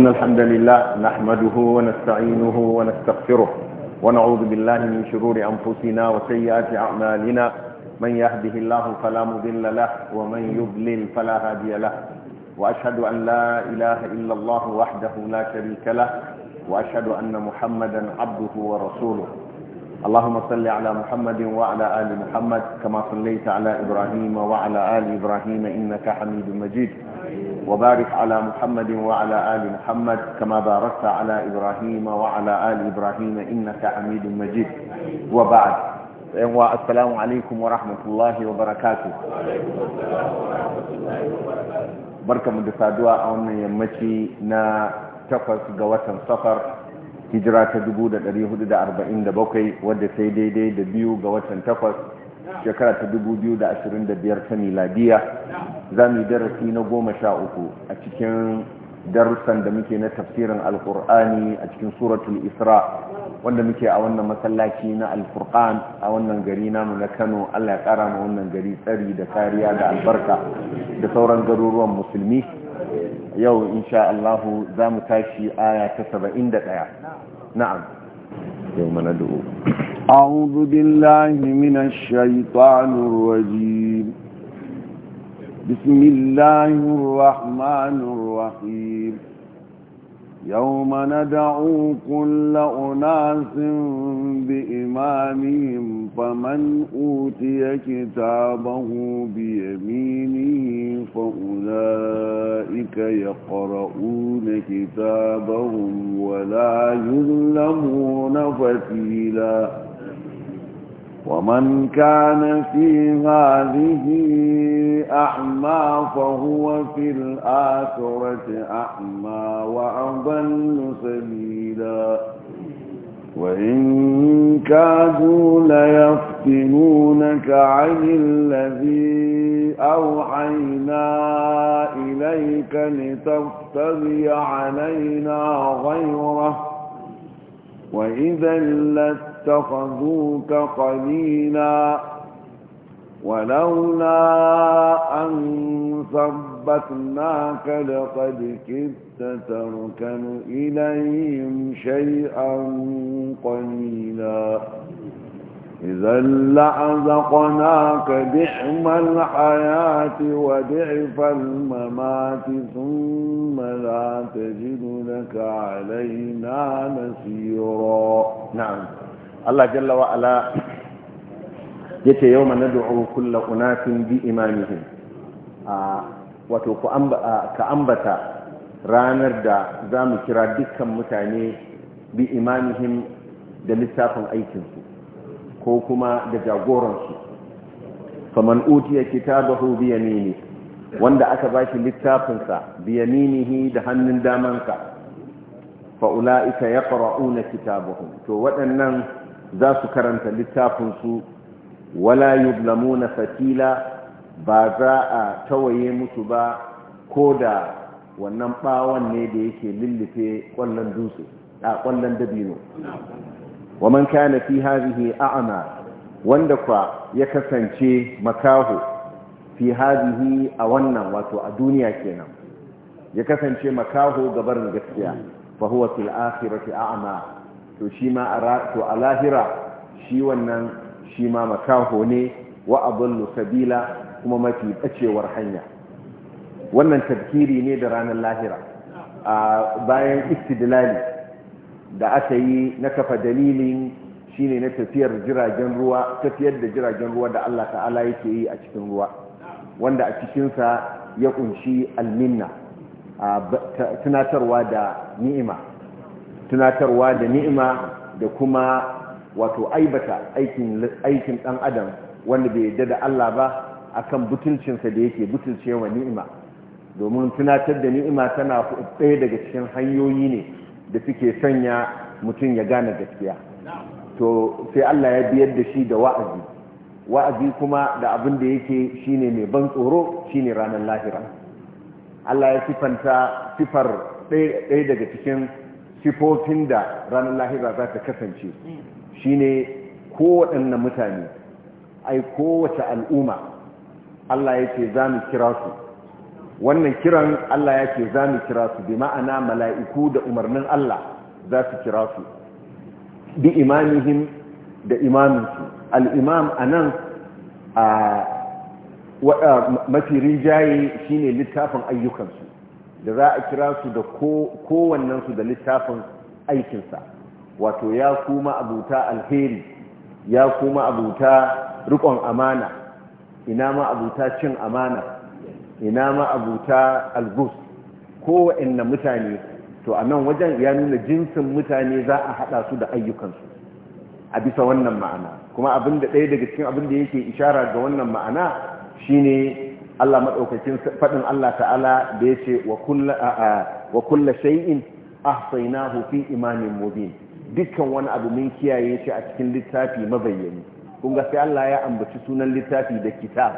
إن الحمد لله نحمده ونستعينه ونستغفره ونعوذ بالله من شرور أنفسنا وسيئات أعمالنا من يهده الله فلا مضل له ومن يضلل فلا هادي له وأشهد أن لا إله إلا الله وحده لا شريك له وأشهد أن محمدا عبده ورسوله اللهم صل على محمد وعلى آل محمد كما صليت على إبراهيم وعلى آل إبراهيم إنك حميد مجيد وبارك على محمد وعلى آل محمد كما باركت على إبراهيم وعلى آل إبراهيم إنك حميد مجيد وبعد السلام عليكم ورحمة الله وبركاته بركة من دفادوا أولا يمتي نا تقص قوة صفر hijira ta 1447 wadda sai daidai da biyu ga watan takwas shekara ta 2025 ta miladiya za mu yi darasi na goma sha uku a cikin darussan da muke na tafsirin alkur'ani a cikin suratul isra wanda muke a wannan masallaci na alkur'an a wannan gari namu na kano allah ya kara ma wannan gari tsari da kariya da albarka da sauran garuruwan musulmi yau insha allahu za mu tashi aya ta 71 na'am يوم ندعو أعوذ بالله من الشيطان الرجيم بسم الله الرحمن الرحيم يوم ندعو كل أناس بإمامهم فمن أوتي كتابه بيمينه فأولئك يقرؤون كتابهم ولا يظلمون فتيلاً ومن كان في هذه أعمى فهو في الآخرة أعمى وأضل سبيلا وإن كادوا ليفتنونك عن الذي أوحينا إليك لتفتري علينا غيره وإذا لت اتخذوك قليلا ولولا أن ثبتناك لقد كدت تركن إليهم شيئا قليلا إذا لأذقناك دعم الحياة ودعف الممات ثم لا تجد لك علينا نسيرا نعم Allah jalla wa ala yace yawma nad'u kulla unasin bi a wato ka ambata ranar da zamu kira dukkan mutane bi da littafin aikinsu ko kuma da jagoransu faman utiya kitabahu bi yamini wanda aka bashi littafinsa bi yaminihi da hannun damansa fa ulaika yaqra'una kitabahum to waɗannan za su karanta littafinsu wala na fatila ba za a tawaye musu ba ko da wannan bawon ne da yake lullufe kwallon dutse a kwallon dabino wa man fi hadhihi a'ma wanda kwa ya kasance makaho fi hadhihi a wannan wato a duniya kenan ya kasance makaho gabar gaskiya fa huwa fil akhirati a'ma to shi ma a lahira shi wannan shi ma makaho ne wa abullu sabila kuma mafi bacewar hanya wannan tafkiri ne da ranar lahira a bayan istidlali da aka yi na kafa dalilin shi ne na tafiyar jiragen ruwa tafiyar da jiragen ruwa da Allah ta'ala yake yi a cikin ruwa wanda a cikinsa ya kunshi alminna tunatarwa da ni'ima tunatarwa da ni'ima da kuma wato aibata aikin aikin dan adam wanda bai yadda da Allah ba akan butulcinsa da yake butuncewa ni'ima domin tunatar da ni'ima tana ɗaya daga cikin hanyoyi ne da suke sanya mutum ya gane gaskiya to sai Allah ya biyar da shi da wa'azi wa'azi kuma da abin da yake shine mai ban tsoro shine ranar lahira Allah ya sifanta sifar ɗaya daga cikin sifofin da ranar lahira za ta kasance shine kowaɗanne mutane ai kowace al'umma Allah ya ce za mu kira su wannan kiran Allah ya ce za mu kira su bi ma'ana mala'iku da umarnin Allah za su kira su bi imanihim da imaminsu al'imam a nan a mafi rinjaye shine littafin ayyukansu da za a kira su da kowannensu da littafin aikinsa wato ya kuma abuta alheri ya kuma abuta rikon amana ina ma abuta cin amana ina ma abuta algus kowanne mutane to a nan wajen ya nuna jinsin mutane za a hada su da ayyukansu a bisa wannan ma'ana kuma abin da ɗaya daga cikin abin da yake ishara ga wannan ma'ana shine Allah madaukakin faɗin Allah ta'ala da yace wa kullu wa kullu shay'in ahsaynahu fi imanin mubin dukkan wani abu mun kiyaye shi a cikin littafi mabayyani kun ga sai Allah ya ambaci sunan littafi da kitab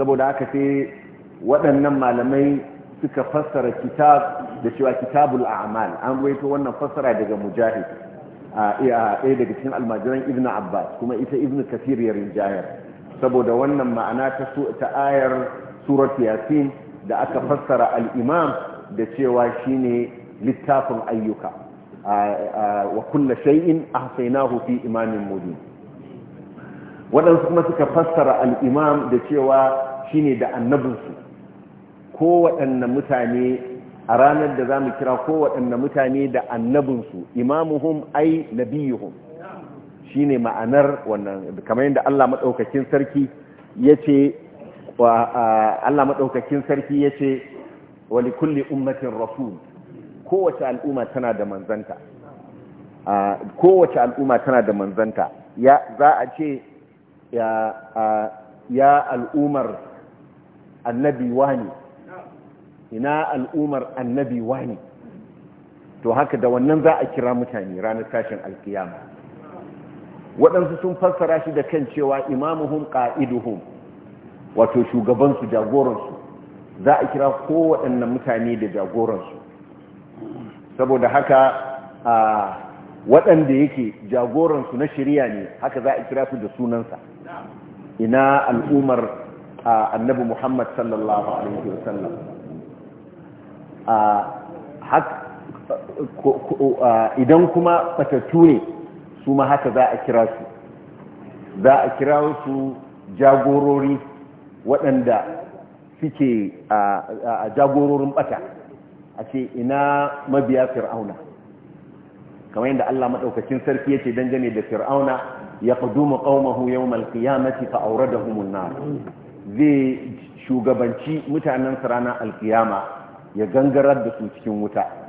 saboda haka sai waɗannan malamai suka fassara kitab da cewa kitabul a'mal an waito wannan fassara daga mujahid a ɗaya daga cikin almajiran ibnu abbas kuma ita ibnu kafir ya rinjayar saboda wannan ma'ana ta ayar surat yasin da aka fassara al'imam da cewa shine littafin ayyuka wa kullu shay'in ahsaynahu fi imamin mubin waɗansu kuma suka fassara al'imam da cewa shine da annabinsu ko waɗanne mutane a ranar da zamu kira ko waɗanne mutane da annabinsu imamuhum ay nabiyuhum Shi ne ma'anar wannan kamar yadda Allah maɗaukakin sarki wa Allah maɗaukakin sarki ce wa kulle ummatin rasul kowace al'umma tana da manzanta kowace al'umma tana da manzanta ya za a ce ya al'umar annabi wani ina al'umar annabi wani to haka da wannan za a kira mutane ranar tashin alkiyama waɗansu sun fassara shi da kan cewa imamuhum qa'iduhum wato shugabansu jagoransu za a kira kowaɗannan mutane da jagoransu saboda haka a waɗanda yake jagoransu na shirya ne haka za a kira su da sunansa ina al'umar annabi muhammad sallallahu alaihi wasallam idan kuma fatattu ne su ma haka za a kira su za a kira su jagorori waɗanda suke a jagororin ɓata a ce ina mabiya fir'auna kamar yadda Allah maɗaukacin sarki yake dangane da fir'auna ya ma ƙaumahu yau malkiyamati aure da humunar zai shugabanci mutanen ranar alkiyama ya gangarar da su cikin wuta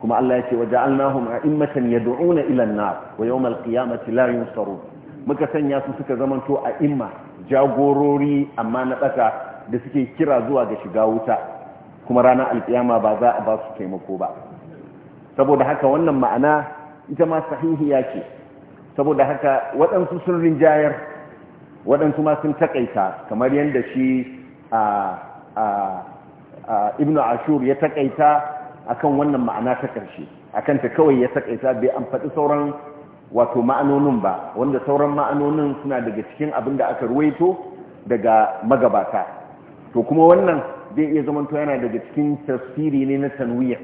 kuma Allah ya ce wa ja'alnahum a'immatan yad'una ila an-nar wa yawm al-qiyamati la yunsarun muka sanya su suka zamanto a imma jagorori amma na tsaka da suke kira zuwa ga shiga wuta kuma ranar alkiyama ba za a ba su taimako ba saboda haka wannan ma'ana ita ma sahihiya ce saboda haka waɗansu sun rinjayar waɗansu ma sun taƙaita kamar yadda shi a ibnu ashur ya taƙaita. akan wannan ma'ana ta karshe akan ta kawai ya saka ita bai an faɗi sauran wato ma'anonin ba wanda sauran ma'anonin suna daga cikin abin da aka ruwaito daga magabata to kuma wannan zai iya to yana daga cikin tasiri ne na tanwiya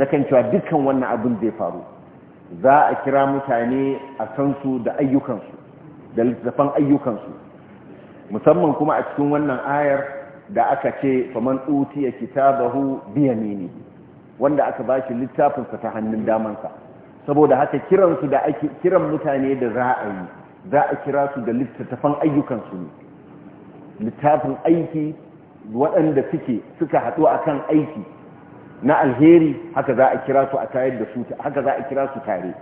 na kan cewa dukkan wannan abin zai faru za a kira mutane a san da ayyukansu da littattafan ayyukansu musamman kuma a cikin wannan ayar da aka ce faman utiya kitabahu biyamini wanda aka ba shi littafinsa ta hannun damansa saboda haka kiransu da ake kiran mutane da ra'ayi za a kira su da littattafan ayyukansu ne littafin aiki waɗanda suke suka haɗu akan aiki na alheri haka za a kira su a tayar da su haka za a kira su tare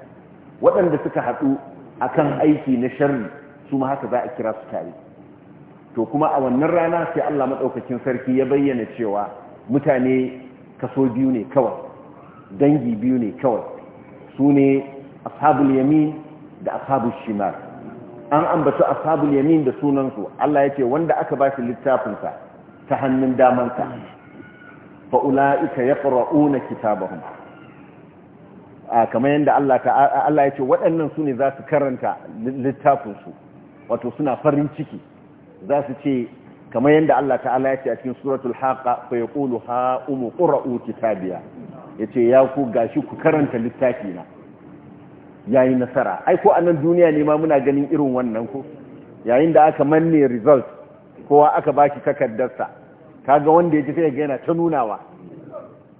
waɗanda suka haɗu akan aiki na sharri su ma haka za a kira su tare to kuma a wannan rana sai Allah madaukakin sarki ya bayyana cewa mutane kaso biyu ne kawai dangi biyu ne kawai su ne ashabul yamin da ashabul shimar an ambata ashabul yamin da sunansu Allah ya wanda aka ba shi littafinsa ta hannun damansa fa'ula'ika ya ƙara'una kitabahun kamar yadda Allah ya ce waɗannan su ne za su karanta littafinsu wato suna farin ciki za su ce kamar yadda Allah ta'ala ya ce a cikin suratul haqa fa yaqulu ha umu qra'u kitabiya yace ya ku gashi ku karanta littafi na yayi nasara ai ko anan duniya ne ma muna ganin irin wannan ko yayin da aka manne result kowa aka baki takardarsa kaga wanda yaji sai ga yana ta nunawa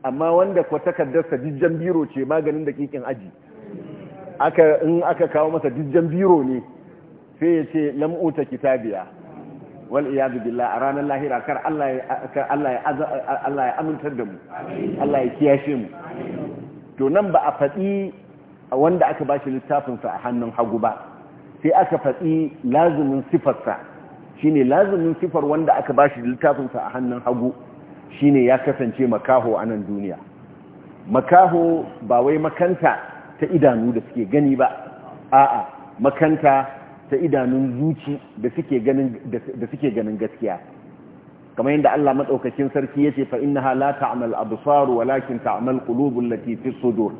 amma wanda ko takardarsa dijjan biro ce maganin dakikin aji aka in aka kawo masa dijjan biro ne sai ya ce lam kitabiya wal iyadu billah a ranar lahira kar Allah ya amintar da mu Allah ya kiyashe mu to nan ba a faɗi wanda aka ba shi littafinsa a hannun hagu ba sai aka faɗi lazumin sifarsa shine lazumin sifar wanda aka ba shi littafinsa a hannun hagu shine ya kasance makaho a nan duniya makaho ba wai makanta ta idanu da suke gani ba a'a makanta ta idanun zuci da suke ganin gaskiya kamar yadda Allah madaukakin sarki ya ce fa innaha la ta'mal absar walakin ta'amal kulubun lati fi sudur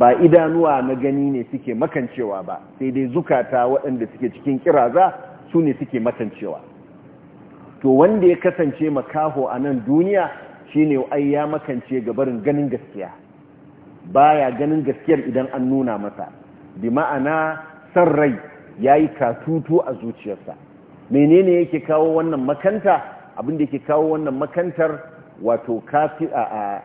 ba idanuwa na gani ne suke makancewa ba sai dai zukata waɗanda suke cikin kiraza su ne suke makancewa to wanda ya kasance makaho a nan duniya shine ai ya makance gabarin ganin gaskiya baya ganin gaskiyar idan an nuna masa bi ma'ana san rai ya yi katutu a zuciyarsa menene yake kawo wannan makanta abin yake kawo wannan makantar wato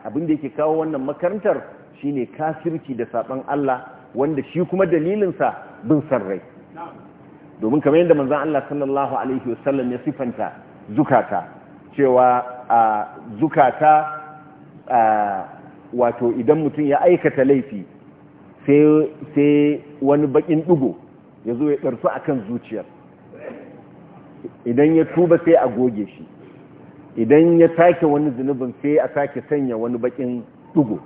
abin yake kawo wannan makantar shine kafirci da saban Allah wanda shi kuma dalilinsa bin sarrai domin kamar yadda manzan Allah sallallahu alaihi wasallam ya sifanta zukata cewa a zukata wato idan mutum ya aikata laifi sai wani bakin dugo ya zo ya ɗarsu a kan zuciyar idan ya tuba sai a goge shi idan ya take wani zunubin sai a sake sanya wani bakin dugo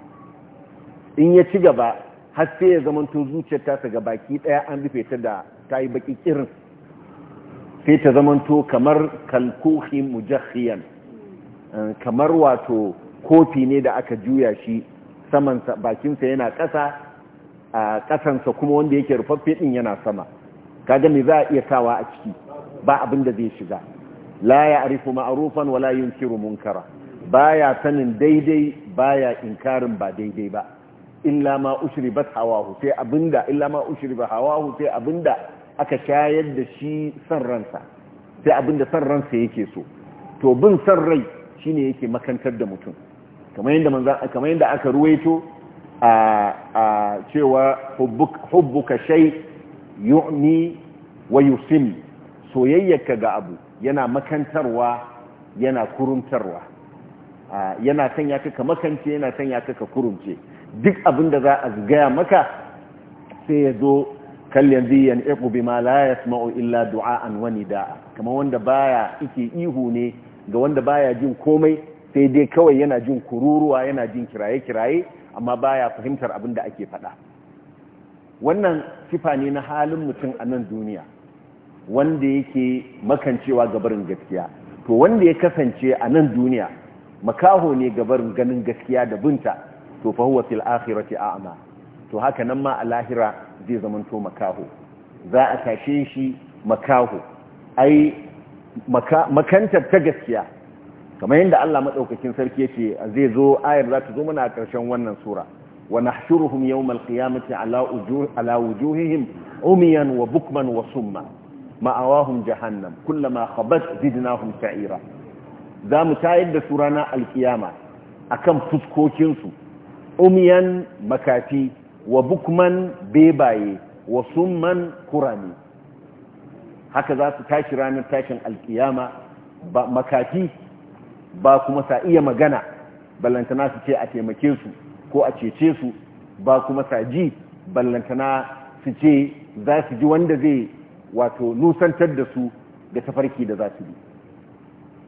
in ya ci gaba har sai ya zamanto zuciyar tasa ga baki ɗaya an rufe ta da ta yi baki kirin sai ta zamanto kamar kalkohi mujahiyan eh, kamar wato kofi ne da aka juya shi samansa bakinsa yana ƙasa a kasansa kuma wanda yake rufaffe din yana sama kaga me za a iya sawa a ciki ba abin da zai shiga la ya'rifu ma'rufan wala yunkiru munkara baya sanin daidai baya inkarin ba daidai ba illa ma ushribat hawahu sai abinda illa ma ushriba hawahu sai abinda aka shayar da shi san ransa sai abinda san ransa yake so to bin san rai shine yake makantar da mutum kamar yadda manzo kamar yadda aka ruwaito a cewa hubbuka shay yu'mi wa yusim soyayyarka ga abu yana makantarwa yana kuruntarwa yana sanya ka ka makance yana sanya ka ka kurunce duk abin da za a gaya maka sai ya zo kal yanzu bi ma la yasma'u illa du'a'an wani nida'a kamar wanda baya yake ihu ne ga wanda baya jin komai sai dai kawai yana jin kururuwa yana jin kiraye kiraye amma baya fahimtar abin da ake faɗa wannan sifa ne na halin mutum a nan duniya wanda yake makancewa gabarin gaskiya to wanda ya kasance a nan duniya makaho ne gabarin ganin gaskiya da binta to fa huwa fil akhirati a'ma to haka nan ma a lahira zai zamanto makaho za a tashe shi makaho ai makantar ta gaskiya kamar yadda Allah madaukakin sarki yace zai zo ayar za ta zo mana a ƙarshen wannan sura wa nahshuruhum yawmal qiyamati ala wujuh ala wujuhihim umiyan wa bukman wa summa ma'awahum jahannam kullama khabat zidnahum sa'ira za mu tayar da su ranar alkiyama akan fuskokinsu umiyan makafi wa bukman bebaye wa summan kurani haka za su tashi ranar tashin alkiyama makafi ba kuma sa iya magana ballantana su ce a taimake su ko a cece su ba kuma sa ji ballantana su ce za su ji wanda zai wato nusantar da su ga tafarki da za su bi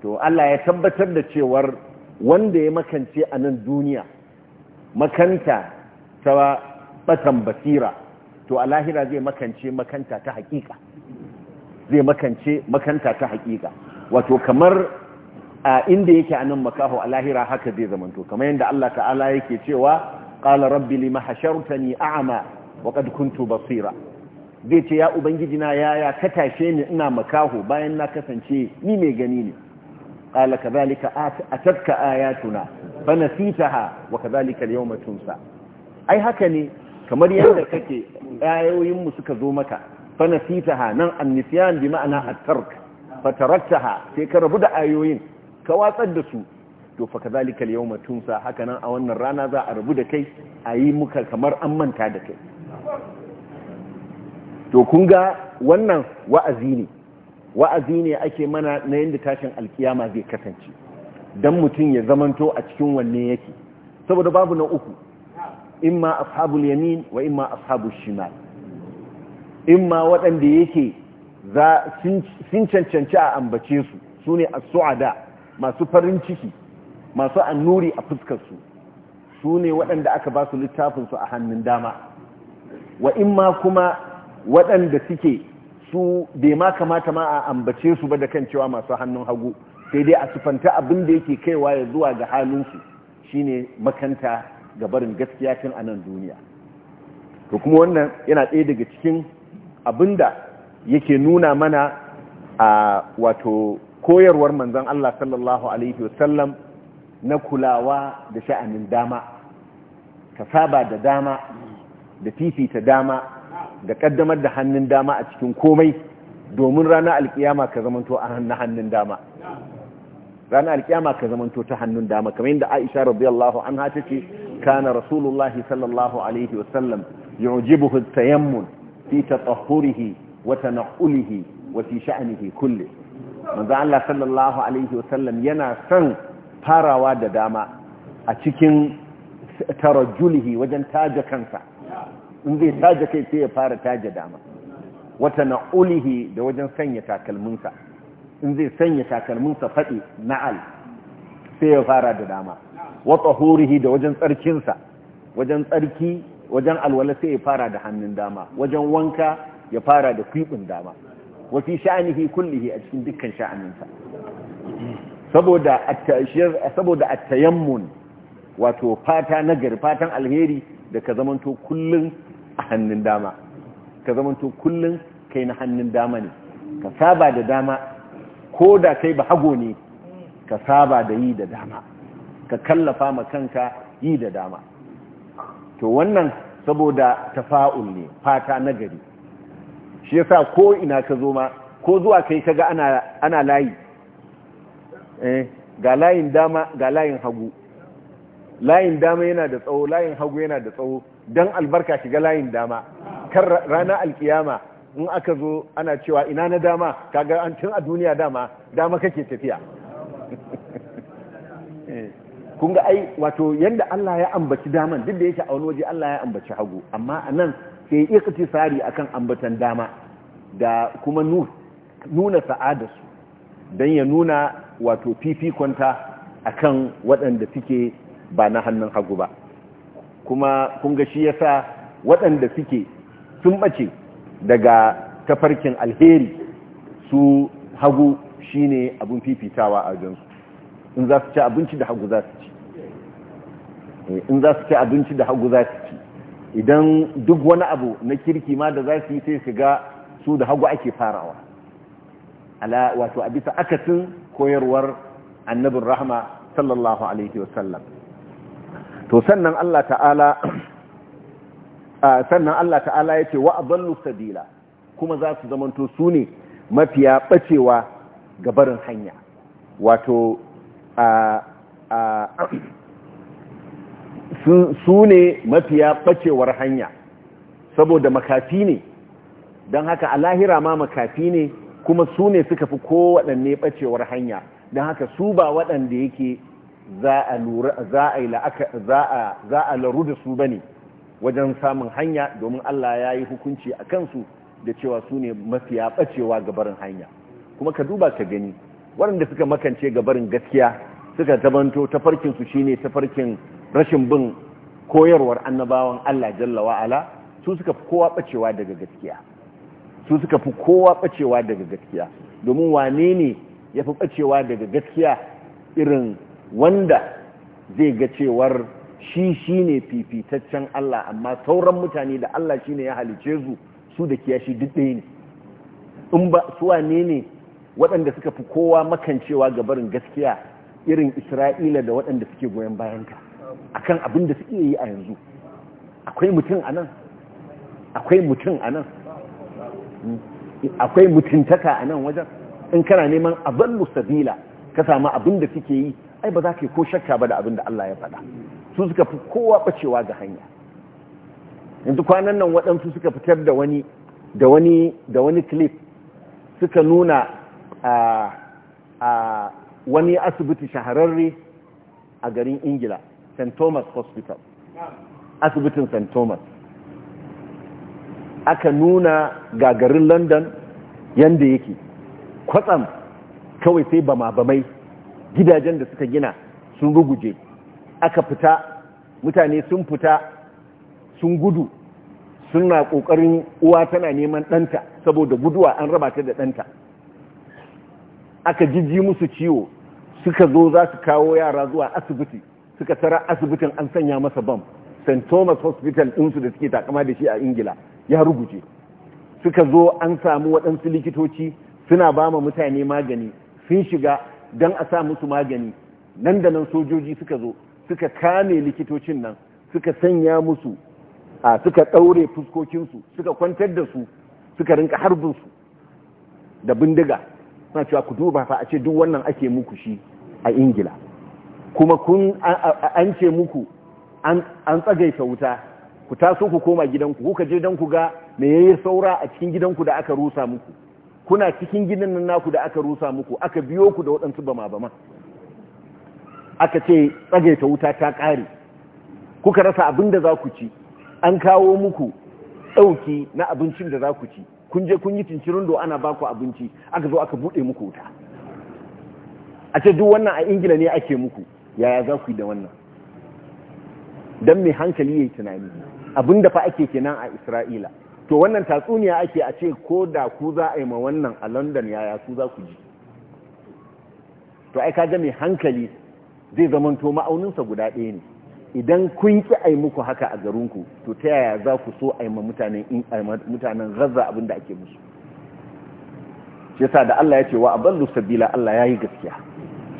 to Allah ya tabbatar da cewar wanda ya makance a nan duniya makanta ta batan basira to a lahira zai makance makanta ta hakika zai makance makanta ta hakika wato kamar a inda yake a nan makaho a lahira haka zai zamanto kamar yadda Allah ta'ala yake cewa ƙala rabbi mahasharta hashartani a'ma wa qad kuntu basira zai ce ya ubangiji na yaya ka tashe ni ina makaho bayan na kasance ni mai gani ne qala kadhalika atatka ayatuna fa nasitaha wa kadhalika al-yawma tunsa ai haka ne kamar yadda kake ayoyin mu suka zo maka fa nasitaha nan an-nisyan bi ma'ana at-tark fataraktaha sai ka rabu da ayoyin ka watsar da su to fa kazalika al-yawma tunsa hakanan a wannan rana za a rubu da kai a yi muka kamar an manta da kai to kun ga wannan wa'azi ne wa'azi ne ake mana na yanda tashin alkiyama zai kasance dan mutum ya zamanto a cikin wanne yake saboda babu na uku imma ashabul yamin wa imma ashabul shimal imma waɗanda yake sun cancanci a ambace su sune ne as-su'ada masu farin ciki masu annuri a fuskarsu su ne waɗanda aka ba su littafinsu a hannun dama wa in ma kuma waɗanda suke su bai ma kamata ma a ambace su ba da kan cewa masu hannun hagu sai dai a sufanta abin da yake kaiwa ya zuwa ga halinsu shine makanta ga barin gaskiya tun a nan duniya to kuma wannan yana ɗaya daga cikin abin da yake nuna mana a wato koyarwar manzon Allah sallallahu alaihi wasallam na kulawa da sha'anin dama ka saba da dama da fifita dama da ƙaddamar da hannun dama a cikin komai domin rana alƙiyama ka zamanto a hannun dama rana alkiyama ka zamanto ta hannun dama kamar yadda Aisha radiyallahu anha tace kana rasulullahi sallallahu alaihi wasallam yu'jibuhu tayammun fi tatahhurihi wa tanaqulihi wa fi sha'anihi kulle. manzo Allah sallallahu alaihi wasallam yana son farawa da dama a cikin tarajjulihi wajen taja kansa in zai taja kai sai ya fara taja dama wata na'ulihi da wajen sanya takalminsa in zai sanya takalminsa faɗi na'al sai ya fara da dama wata hurihi da wajen tsarkinsa wajen tsarki wajen alwala sai ya fara da hannun dama wajen wanka ya fara da kwiɓin dama wafi sha'anihi kullihi a cikin dukkan sha'aninsa saboda a tayammun wato fata nagari fatan alheri da ka zamanto kullun a hannun dama ka zamanto kullun kai na hannun dama ne ka saba da dama ko da kai ba hago ne ka saba da yi da dama ka kallafa ma kanka yi da dama to wannan saboda tafa'ul ne fata nagari shi yasa ko ina ka zo ma ko zuwa kai kaga ga ana layi eh, ga layin dama ga layin hagu layin dama yana da tsawo layin hagu yana da tsawo dan albarka shiga layin dama kan rana alkiyama in aka zo ana cewa ina na dama kaga an tun a duniya dama dama kake tafiya eh, kun ga ai wato yanda Allah ya ambaci daman duk da yake a wani waje Allah ya ambaci hagu amma anan sai iktisari akan ambatan dama da kuma nuna sa'adarsu don ya nuna wato fifikonta akan waɗanda suke ba na hannun hagu ba kuma kunga shi ya sa waɗanda suke sun ɓace daga tafarkin alheri su hagu shine abun fifitawa a jansu in za ci abinci da hagu za ci in za su ci abinci da hagu za su ci eh, idan duk wani abu na kirki ma da za su yi sai su ga su da hagu ake farawa ala wato a bisa akasin koyarwar annabin rahama sallallahu alaihi wasallam to sannan Allah ta'ala sannan Allah ta'ala yace wa adallu sabila kuma za su zamanto su ne mafiya ɓacewa ga barin hanya wato su ne mafiya ɓacewar hanya saboda makafi ne don haka a lahira ma makafi ne kuma su ne suka fi kowaɗanne ɓacewar hanya don haka su ba waɗanda yake za a laru da su ba ne wajen samun hanya domin Allah ya yi hukunci a kansu da cewa su ne mafiya ɓacewa gabarin hanya kuma ka duba ka gani waɗanda suka makance gabarin gaskiya suka zamanto tafarkinsu shine tafarkin rashin bin koyarwar annabawan Allah jalla wa'ala su suka fi kowa bacewa daga gaskiya su suka fi kowa bacewa daga gaskiya domin wane ne ya fi bacewa daga gaskiya irin wanda zai ga cewar shi shi ne fifitaccen Allah amma sauran mutane da Allah shi ne ya halice su su da kiyashi duk ɗaya ne in ba su wane ne waɗanda suka fi kowa makancewa ga barin gaskiya irin isra'ila da waɗanda suke goyon ka? akan abin da suke yi a yanzu akwai mutum a nan akwai mutum a nan akwai mutuntaka a nan wajen in kana neman abin lusabila ka samu abin da suke yi ai ba za ka yi ko shakka ba da abin da Allah ya faɗa su suka fi kowa bacewa ga hanya yanzu kwanan nan waɗansu suka fitar da wani da wani da wani clip suka nuna a wani asibiti shahararre a garin ingila st thomas hospital asibitin st thomas aka nuna gagarin london yadda yake kwatsam kawai sai bama bamai gidajen da suka gina sun ruguje aka fita mutane sun fita sun gudu sun na ƙoƙarin uwa tana neman ɗanta saboda guduwa an raba ta da ɗanta aka jijji musu ciwo suka zo za su kawo yara zuwa asibiti suka tara asibitin an sanya masa bam st thomas hospital ɗinsu da suke takama da shi a ingila ya rubuce suka zo an samu waɗansu likitoci suna ba ma mutane magani sun shiga don a sa musu magani nan da nan sojoji suka zo suka kame likitocin nan suka sanya musu a suka ɗaure fuskokinsu suka kwantar da su suka rinka harbinsu da bindiga suna cewa ku duba fa a ce duk wannan ake muku shi a ingila kuma kun an ce muku an tsagaita wuta ku taso ku koma gidanku kuka je don ku ga me yayi saura a cikin gidanku da aka rusa muku kuna cikin gidan nan naku da aka rusa muku aka biyo ku da waɗansu bama bama aka ce tsagaita wuta ta ƙare kuka rasa abin da za ku ci an kawo muku ɗauki na abincin da za ku ci kun je kun yi cincirin do ana baku abinci aka zo aka buɗe muku wuta a ce duk wannan a ingila ne ake muku yaya za ku yi da wannan don mai hankali ya yi tunani abinda fa ake kenan a isra'ila to wannan tatsuniya ake a ce ko da ku za a yi ma wannan a london yaya su za ku ji to ai kaga mai hankali zai zamanto ma'auninsa guda ɗaya ne idan kun ki ai muku haka a garinku to ta yaya za ku so a yi ma mutanen gaza abinda ake musu shi yasa da Allah ya ce wa a aballu sabila Allah ya yi gaskiya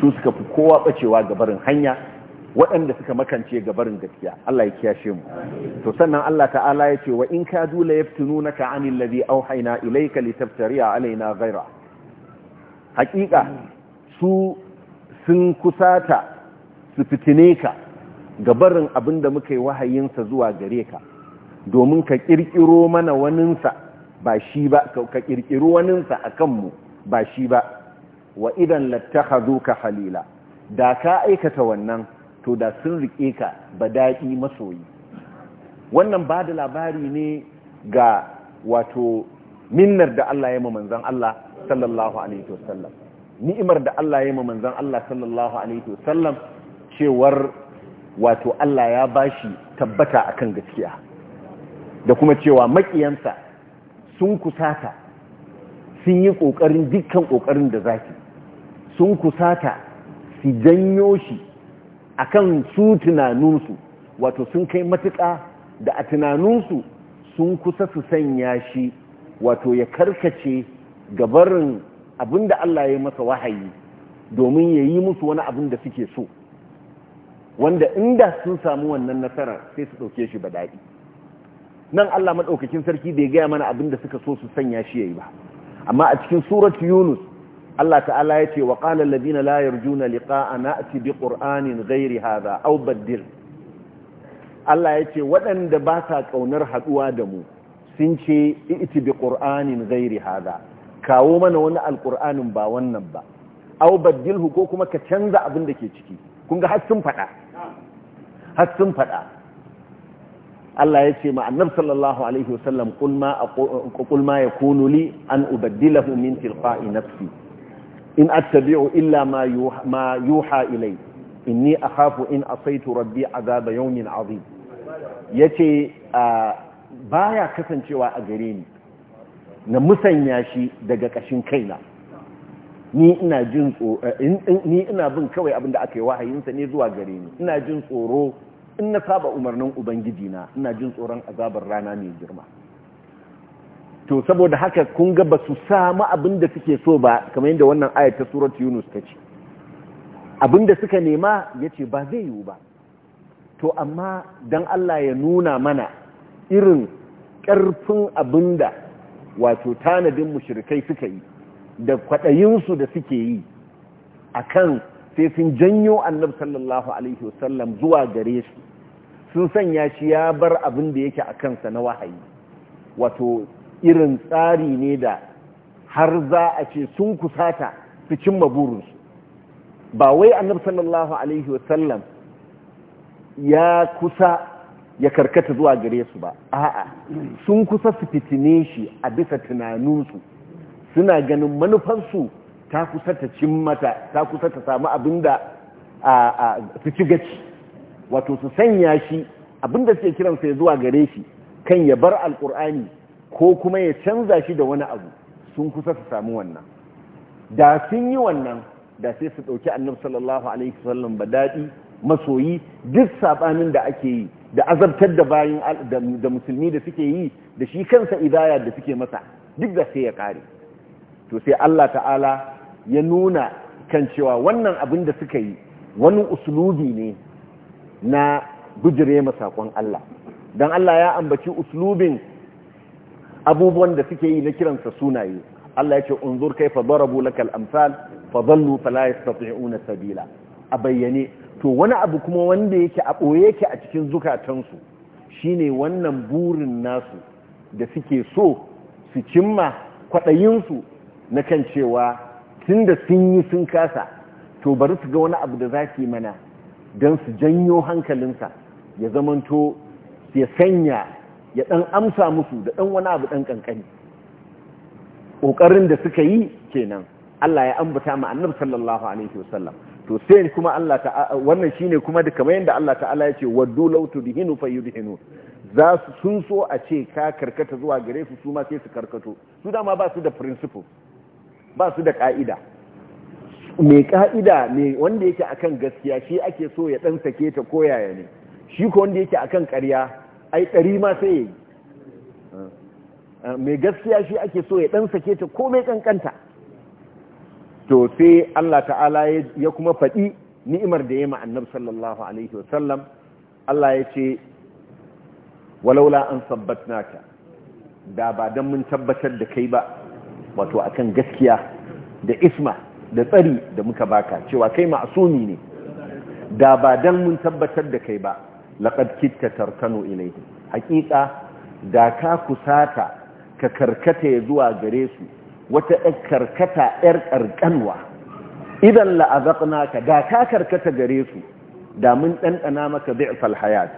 su suka fi kowa bacewa gabarin hanya waɗanda suka makance gabarin gaskiya Allah ya kiyashe mu to sannan Allah ta'ala ya ce wa in kadu la yaftununaka 'anil ladhi awhayna ilayka litaftariya 'alaina ghayra haqiqa su sun kusata su fitine ka ga barin abinda muka yi wahayin sa zuwa gare ka domin ka kirkiro mana waninsa ba shi ba ka kirkiro waninsa akan mu ba shi ba wa idan lattakhaduka halila da ka aikata wannan to da sun riƙe ka ba daƙi masoyi wannan ba da labari ne ga wato minnar da Allah ya ma manzon Allah sallallahu alaihi wasallam ni'imar da Allah ya ma manzon Allah sallallahu alaihi wasallam cewar wato Allah ya bashi tabbata akan gaskiya da kuma cewa makiyansa sun kusata sun yi ƙoƙarin dukkan ƙoƙarin da zaki sun kusata su janyo shi a kan su tunaninsu wato sun kai matuƙa da a tunaninsu sun kusa su sanya shi wato ya karkace gabarin abin da Allah ya masa wahayi domin ya yi musu wani abin da suke so wanda inda sun samu wannan nasarar sai su ɗauke shi ba daɗi nan Allah maɗaukakin sarki bai gaya mana abin da suka so su sanya shi ya yi ba amma a cikin surat yunus Allah ta'ala ya ce wa qala alladhina la yarjuna liqa'ana ati bi qur'anin ghairi hadha aw badil Allah ya ce waɗanda ba sa kaunar haduwa da mu sun ce iti bi qur'anin ghairi hadha kawo mana wani alqur'anin ba wannan ba aw badilhu ko kuma ka canza abin da ke ciki kun ga hassun sun fada har fada Allah ya ce ma annab sallallahu alaihi wasallam qul ma aqul ma li an ubaddilahu min tilqa'i nafsi in attabi'u illa ma yuha ilai inni akhafu in asaytu rabbi azaba yawmin azim yace baya kasancewa a gare ni na musanya shi daga kashin kaina ni ina jin ni ina bin kawai abinda aka yi wahayin sa ne zuwa gare ni ina jin tsoro in na saba umarnin ubangiji na ina jin tsoron azabar rana mai girma to saboda haka kun ga ba su samu abin da suke so ba kamar yadda wannan ayat ta surat yunus ta ce abin da suka nema ya ce ba zai yiwu ba to amma don allah ya nuna mana irin ƙarfin abin da wato tanadin mushrikai suka yi da kwaɗayinsu da suke yi a kan sai sun janyo annab sallallahu alaihi wasallam zuwa gare su sun sanya shi ya bar abin da yake a kansa na wahayi wato irin tsari ne da har za a ce sun kusata su cimma burinsu ba wai annab sallallahu alaihi wasallam ya kusa ya karkata zuwa gare su ba a'a sun kusa su fitine shi a bisa tunaninsu suna ganin manufarsu ta kusa ta cimmata ta kusa ta samu abinda su ci gaci wato su sanya shi abinda suke kiransa ya zuwa gare shi kan ya bar alkur'ani ko kuma ya canza shi da wani abu sun kusa su samu wannan da sun yi wannan da sai su ɗauki annabi sallallahu alaihi wasallam ba daɗi masoyi duk saɓanin da ake yi da azabtar da bayan da musulmi da suke yi da shi kansa idaya da suke masa duk da sai ya ƙare to sai Allah ta'ala ya nuna kan cewa wannan abin da suka yi wani uslubi ne na bujire masakon Allah don Allah ya ambaci uslubin abubuwan da suke yi na kiransa sunaye Allah ya ce unzur kaifa darabu lakal amsal fadallu fala yastati'una sabila a bayyane to wani abu kuma wanda yake a boye yake a cikin zukatansu shine wannan burin nasu da suke so su cimma kwaɗayinsu na kan cewa tunda sun yi sun kasa to bari su ga wani abu da zaki mana dan su janyo hankalinsa ya zamanto ya sanya ya ɗan amsa musu da ɗan wani abu ɗan ƙanƙani ƙoƙarin da suka yi kenan Allah ya ambata ma annabi sallallahu alaihi wasallam to sai kuma Allah ta wannan shine kuma da kamar yanda Allah ta'ala ya ce waddu law tudhinu fayudhinu za su sun so a ce ka karkata zuwa gare su su ma sai su karkato su dama ba su da principle ba su da ka'ida me ka'ida ne wanda yake akan gaskiya shi ake so ya dan sake ta koyaya ne shi ko wanda yake akan ƙarya ai ɗari ma sai ya yi mai gaskiya shi ake so ya ɗan sake ta komai ƙanƙanta to sai Allah ta'ala ya kuma faɗi ni'imar da ya ma ma'annab sallallahu alaihi wasallam Allah ya ce walaula an naka da ba don mun tabbatar da kai ba wato akan gaskiya da isma da tsari da muka baka cewa kai ma'asumi ne da ba don mun tabbatar da kai ba laqad kitta tarkanu ilayhi hakika da ka kusata ka karkata zuwa gare su wata karkata yar ƙarƙanwa idan la ka da ka karkata gare su da mun dandana maka bi'fal hayat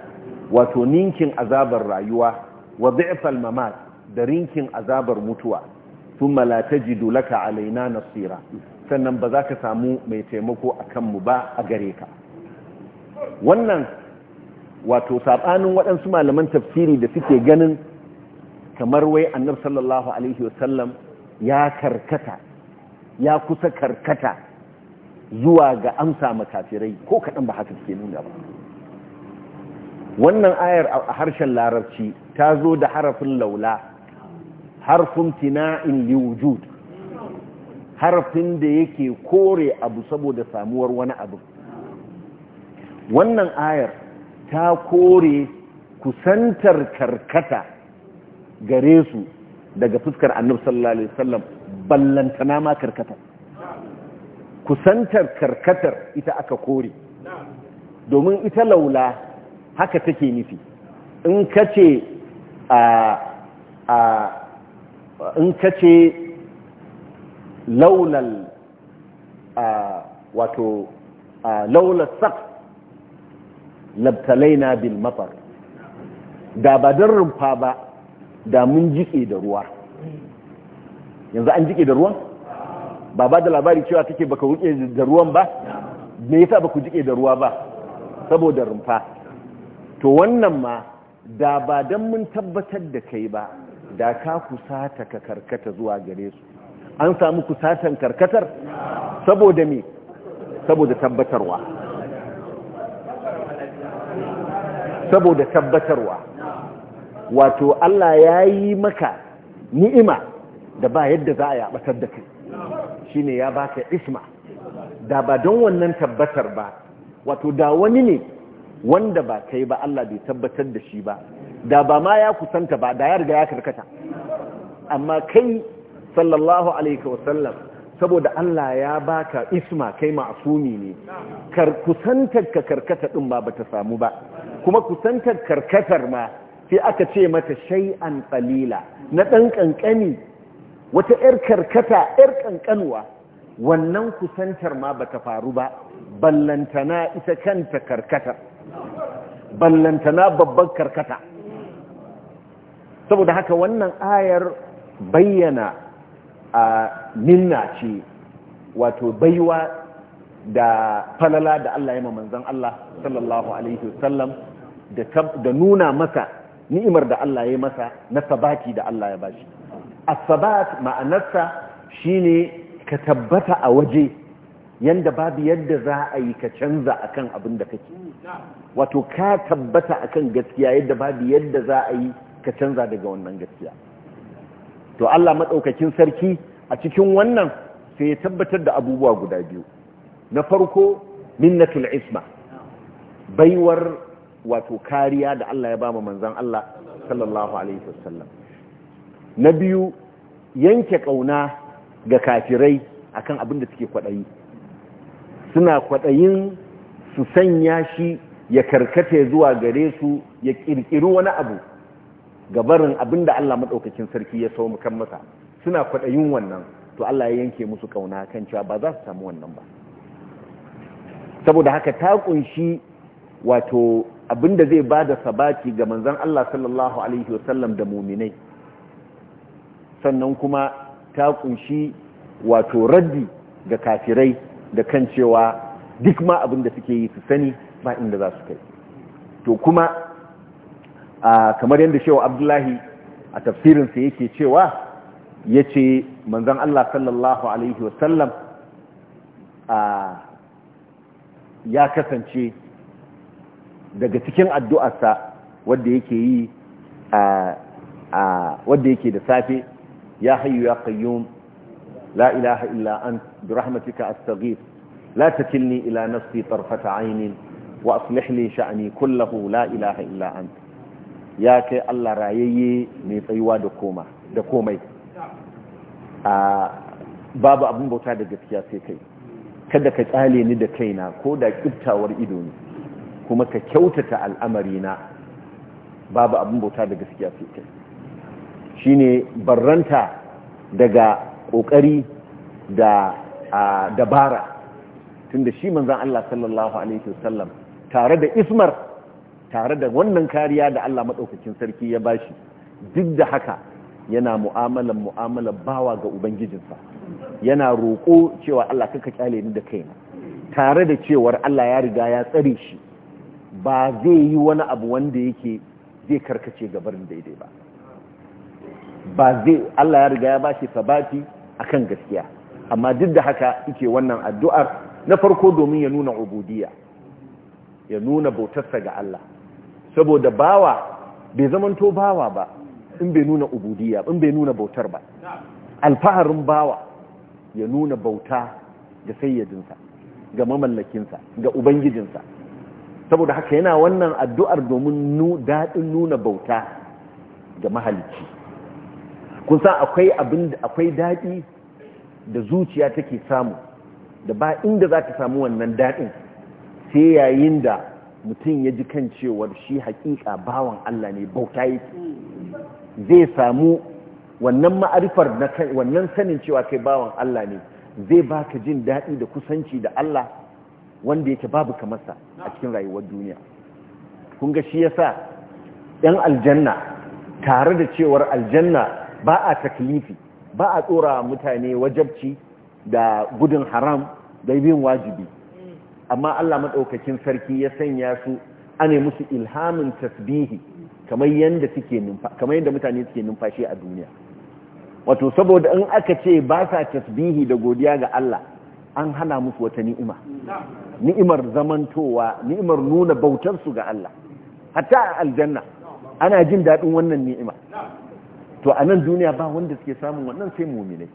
wato ninkin azabar rayuwa wa bi'fal mamat da rinkin azabar mutuwa thumma ta tajidu laka alaina nasira sannan ba za ka samu mai taimako a kanmu ba a gare ka wannan wato saɓanin waɗansu malaman tafsiri da suke ganin kamar wai annab sallallahu alaihi wasallam ya karkata ya kusa karkata zuwa ga amsa makafirai ko kaɗan ba haka suke nuna ba wannan ayar a harshen larabci ta zo da harafin laula harfin tina'in wujud harfin da yake kore abu saboda samuwar wani abu wannan ayar ta kore kusantar karkata gare su daga fuskar annab sallallahu alaihi wasallam ballantana ma karkata kusantar karkatar ita aka kore domin ita laula haka take nufi in kace a a in kace laulal a wato laulal saqf labtalaina bil matar da ba don rumfa ba da mun jike da ruwa yanzu an jike da ruwan ba ba da labari cewa take baka wuce da ruwan ba me yasa ku jike da ruwa ba saboda rumfa to wannan ma da ba don mun tabbatar da kai ba da ka kusata ka karkata zuwa gare su an samu kusatan karkatar saboda me saboda tabbatarwa saboda tabbatarwa wato Allah ya yi maka ni'ima da ba yadda za a yabatar da kai shi ne ya baka isma da ba don wannan tabbatar ba wato da wani ne wanda ba kai ba Allah bai tabbatar da shi ba da ba ma ya kusanta ba da ya riga ya karkata amma kai sallallahu alaihi wasallam saboda Allah ya baka isma kai ma'asumi ne kar kusantar ka karkata din ba bata samu ba kuma kusantar karkatar ma sai aka ce mata an tsalila na ɗan ƙanƙani wata yar karkata yar ƙanƙanwa wannan kusantar ma bata faru ba ballantana ita kanta karkata ballantana babban karkata saboda haka wannan ayar bayyana a minna ce wato baiwa da falala da Allah ya manzon Allah sallallahu alaihi wasallam da nuna masa ni'imar da Allah ya masa na sabaki da Allah ya bashi as-sabat ma'anarsa shine ka tabbata a waje yanda babu yadda za a yi ka canza akan abin da kake wato ka tabbata akan gaskiya yadda babu yadda za a yi ka canza daga wannan gaskiya to Allah madaukakin sarki a cikin wannan sai ya tabbatar da abubuwa guda biyu na farko minnatul isma baiwar wato kariya da Allah ya ba mu manzon Allah sallallahu alaihi wasallam na biyu yanke ƙauna ga kafirai akan abin da suke kwaɗayi, suna kwaɗayin su sanya shi ya karkata zuwa gare su ya ƙirƙiri wani abu gabarin abin da Allah madaukakin sarki ya so mu kan masa suna kwaɗayin wannan to Allah ya yanke musu ƙauna kan cewa ba za su samu wannan ba saboda haka ta ƙunshi wato Abin da zai ba da sabati ga manzan Allah sallallahu Alaihi wasallam da muminai sannan kuma ta kunshi wato raddi ga kafirai da kan cewa duk ma abinda suke yi su sani ba inda za su kai to kuma kamar yadda shewa abdullahi a tafsirinsa yake cewa ya ce manzan Allah sallallahu Alaihi wasallam ya kasance daga cikin addu'arsa wadda yake yi a wadda yake da safe ya hayyu ya qayyum la ilaha illa ant bi rahmatika astaghif la takilni ila nafsi tarfata aynin wa aslih li sha'ni kullahu la ilaha illa ant ya kai Allah rayayye mai tsayuwa da koma da komai babu abin bauta da gaskiya sai kai kada ka tsale ni da kaina ko da kiftawar ido ne kuma ka kyautata al'amarina babu abin bauta da gaskiya fitar shi ne barranta daga ƙoƙari da dabara tun da shi manzan Allah sallallahu Alaihi wasallam tare da ismar tare da wannan kariya da Allah maɗaukacin sarki ya bashi duk da haka yana mu'amalan mu'amalan bawa ga Ubangijinsa yana roƙo cewa Allah kaka kyale ni da kaina tare da cewar Allah ya riga ya tsare shi ba zai yi wani abu wanda yake zai karkace gabarin daidai ba ba zai Allah ya riga ya ba bashi sabati akan gaskiya amma duk da haka yake wannan addu'ar na farko domin ya nuna ubudiyya ya nuna bautarsa ga Allah saboda bawa bai zamanto bawa ba in bai nuna ubudiyya in bai nuna bautar ba alfaharin bawa ya nuna bauta ga sayyadinsa ga mamallakinsa ga ubangijinsa saboda haka yana wannan addu'ar domin daɗin nuna bauta ga mahalicci kun san akwai abin akwai daɗi da zuciya take samu da ba inda za ta samu wannan daɗin sai yayin da mutum ya ji kan cewar shi haƙiƙa bawan Allah ne bauta yake zai samu wannan ma'arifar wannan sanin cewa kai bawan Allah ne zai baka jin daɗi da kusanci da Allah wanda yake babu kamarsa a cikin rayuwar duniya kun ga shi yasa ɗan aljanna tare da cewar aljanna ba a taklifi ba a tsora mutane wajabci da gudun haram da bin wajibi amma Allah maɗaukakin sarki ya sanya su ne musu ilhamin tasbihi kamar yadda mutane suke numfashi a duniya wato saboda in aka ce ba sa tasbihi da godiya ga Allah an hana musu wata ni'ima ni'imar zamantowa ni'imar nuna bautarsu ga Allah hatta a aljanna ana jin daɗin wannan ni'ima to a nan duniya ba wanda suke samun wannan sai muminai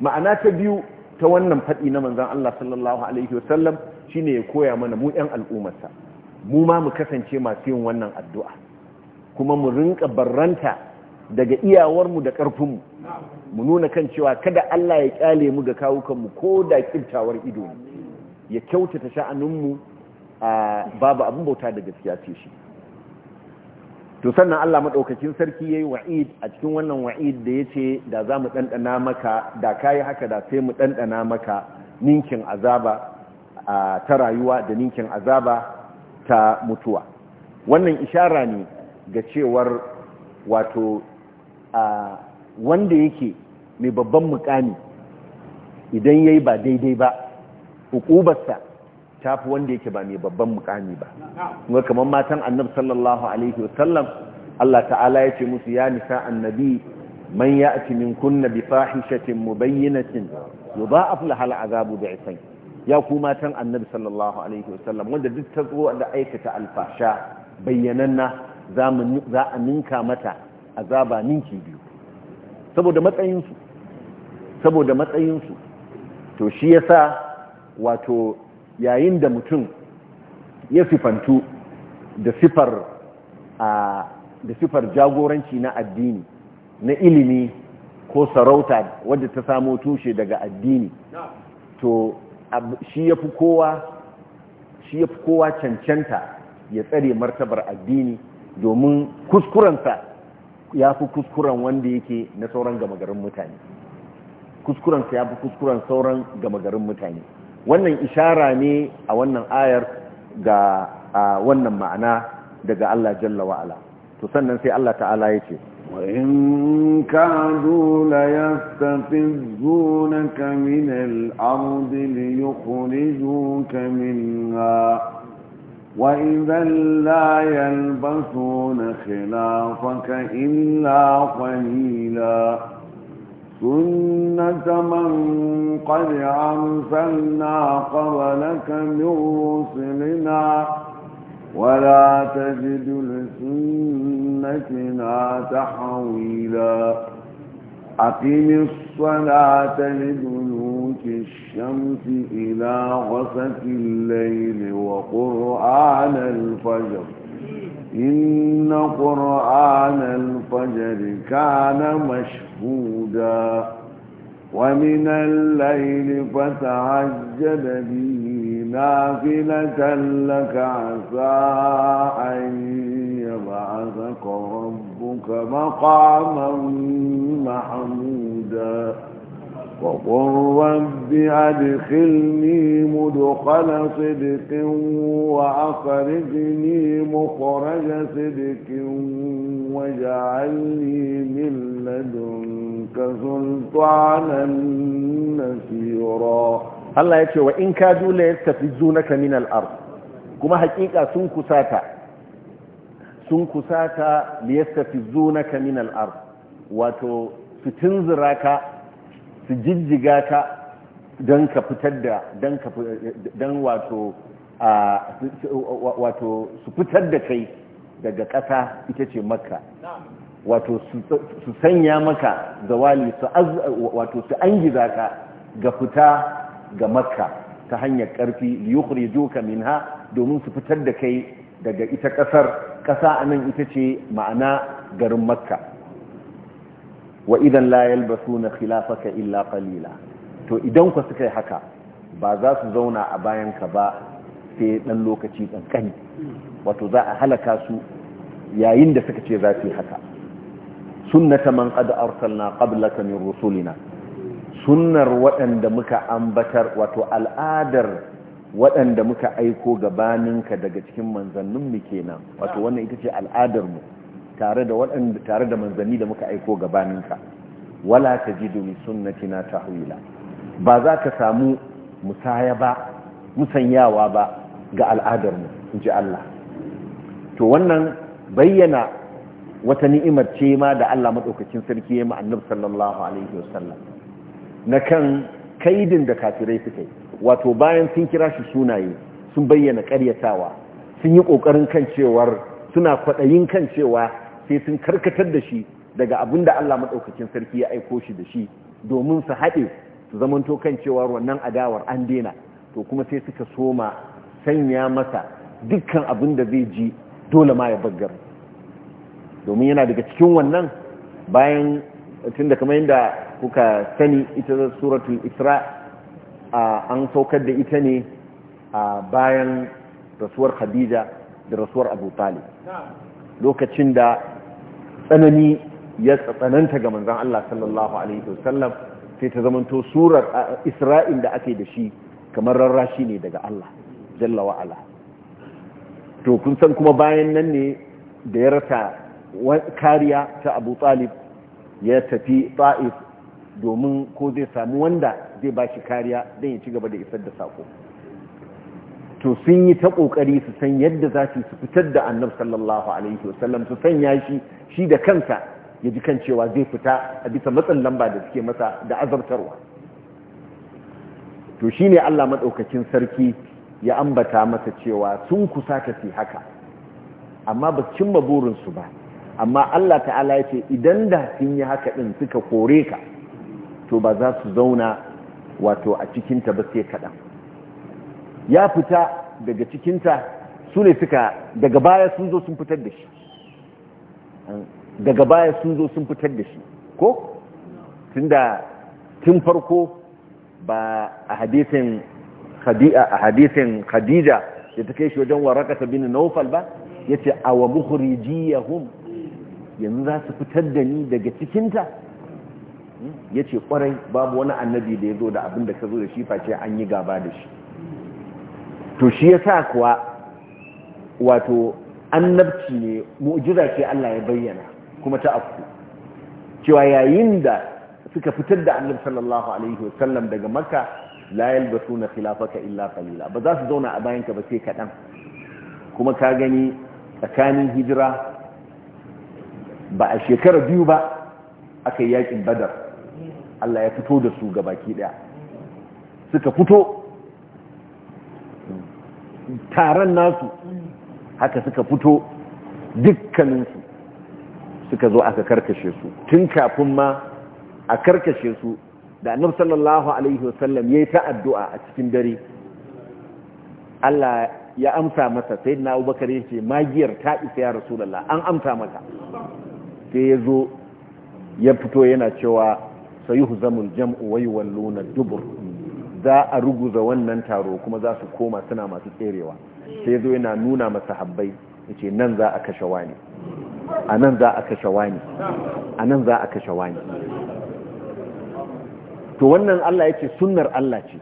ma'ana ta biyu ta wannan faɗi na manzan Allah sallallahu alaihi wasallam shine ya koya mana mu 'yan al'ummarsa mu ma mu kasance masu yin wannan addu'a kuma mu rinka barranta daga iyawarmu da ƙarfinmu mu nuna kan cewa kada Allah ya kyale mu ga kawukanmu ko da kibtawar ido ya kyautata sha'aninmu babu abin bauta da gaskiya ce shi to sannan Allah maɗaukakin sarki yayi yi wa'id a cikin wannan wa'id da ya ce da za mu ɗanɗana maka da ka haka da sai mu ɗanɗana maka ninkin azaba ta rayuwa da ninkin azaba ta mutuwa wannan ishara ne ga cewar wato wanda yake mai babban mukami idan ya ba daidai ba hukubarsa ta fi wanda yake ba mai babban mukami ba kuma kamar matan annab sallallahu alaihi wasallam Allah ta'ala ya ce musu ya nisa annabi man ya ake min kunna bi fahishatin mubayyinatin a zabu da bi'san ya ku matan annabi sallallahu alaihi wasallam wanda duk ta zo da aikata alfasha na za a ninka mata azaba ninki biyu saboda matsayinsu saboda matsayinsu to shi yasa wato yayin da mutum ya sifantu da sifar da sifar jagoranci na addini na ilimi ko sarauta wadda ta samo tushe daga addini to shi ya fi kowa shi ya kowa cancanta ya tsare martabar addini domin kuskurensa ya fi kuskuren wanda yake na sauran gama garin mutane kuskuren ya fi kuskuren sauran gama garin mutane wannan ishara ne a wannan ayar ga wannan ma'ana daga Allah jalla wa'ala to sannan sai Allah ta'ala ya ce وإن كادوا ليستفزونك من الأرض ليخرجوك منها وإذا لا يلبسون خلافك إلا قليلا سنة من قد أرسلنا قبلك من رسلنا ولا تجد لسنتنا تحويلا أقم الصلاة لدلوك الشمس إلى غسك الليل وقرآن الفجر إن قرآن الفجر كان مشهودا ومن الليل فتعجد به نافلة لك عسى أن يبعثك ربك ربك مقاما محمودا وقل رب أدخلني مدخل صدق وأخرجني مخرج صدق واجعلني من لدنك سلطانا نسيرا الله يقول وإن كادوا ليستفزونك من الأرض كما حقيقة سنكساتا sun kusata liyastafizunaka min al-ard wato su tunzura ka su jijjiga ka don ka fitar da don wato wato su fitar da kai daga ƙasa ita ce makka wato su sanya maka zawali wato su an giza ka ga fita ga makka ta hanyar ƙarfi liyukuri min ha domin su fitar da kai daga ita ƙasar ƙasa a nan ita ce ma'ana garin makka wa idan la su na khilafaka illa kalila to idan ku suka yi haka ba za su zauna a bayan ka ba sai dan lokaci kankani wato za a halaka su yayin da suka ce za su yi haka sunnata man qad arsalna qablaka min rusulina sunnar waɗanda muka ambatar wato al'adar waɗanda muka aiko gabaninka daga cikin manzanninmu kenan wato wannan ita ce al'adarmu tare da waɗanda tare da manzanni da muka aiko gabaninka wala tajidu li sunnatina tahwila ba za ka samu musaya ba musanyawa ba ga al'adarmu inji Allah to wannan bayyana wata ni'imar ce ma da Allah madaukakin sarki ya mu annabi sallallahu alaihi wasallam na kan kaidin da kafirai suka yi wato bayan sun kira shi sunaye sun bayyana karyatawa sun yi kokarin kan cewar suna kwadayin kan cewa sai sun karkatar da shi daga abin da Allah madaukakin sarki ya aiko shi da shi domin su haɗe su zamanto kan cewa wannan adawar an daina to kuma sai suka soma sanya masa dukkan abin da zai ji dole ma ya baggar domin yana daga cikin wannan bayan tun da kamar yadda kuka sani ita suratul isra a an saukar da ita ne a bayan rasuwar khadija da rasuwar abu talib lokacin da tsanani ya tsananta ga manzan Allah sallallahu alaihi wasallam sai ta zamanto surar isra'in da ake da shi kamar rarrashi ne daga Allah jalla wa'ala to kun san kuma bayan nan ne da ya rata kariya ta abu talib ya tafi ta'if domin ko zai samu wanda zai ba shi kariya don ya ci gaba da isar da sako to sun yi ta ƙoƙari su san yadda za su fitar da annab sallallahu alaihi wasallam su sanya shi shi da kansa ya ji kan cewa zai fita a bisa matsan lamba da suke masa da azabtarwa to shi ne allah maɗaukacin sarki ya ambata masa cewa sun kusa ta fi haka amma ba cimma burinsu ba amma allah ta'ala ya ce idan da sun yi haka ɗin suka kore ka to ba za su zauna wato a cikinta ba sai kaɗan ya fita daga cikinta su ne suka daga baya sun zo sun fitar da shi daga baya sun zo sun fitar da shi ko tunda tun farko ba a hadisin a khadija da ta kai shi wajen warakata bin naufal ba ya ce awa mukhrijiyahum yanzu za su fitar da ni daga cikinta ya ce kwarai babu wani annabi da ya zo da abin da ka zo da shi face an yi gaba da shi to shi ya sa kuwa wato annabci ne mu'jiza ce Allah ya bayyana kuma ta afku cewa yayin da suka fitar da annabi sallallahu alaihi wasallam daga makka la yalbasuna khilafaka illa qalila ba za su zauna a bayan ka ba sai kaɗan kuma ka gani tsakanin hijira ba a shekara biyu ba aka yi yakin badar Allah ya fito da su ga baki daya suka fito taron nasu haka suka fito dukkaninsu suka zo aka karkashe su tun kafin ma a karkashe su da annabi sallallahu alaihi wasallam yayi ta addu'a a cikin dare Allah ya amsa masa sai na Abubakar yake magiyar ta isa ya Rasulullah an amsa maka sai ya zo ya fito yana cewa sayuhzamul jam'u wa yawalluna dubur za a ruguza wannan taro kuma za su koma suna masu tserewa sai zo yana nuna masa habbai nan za a kashe wani nan za a kashe wani nan za a kashe wani to wannan Allah ce sunnar Allah ce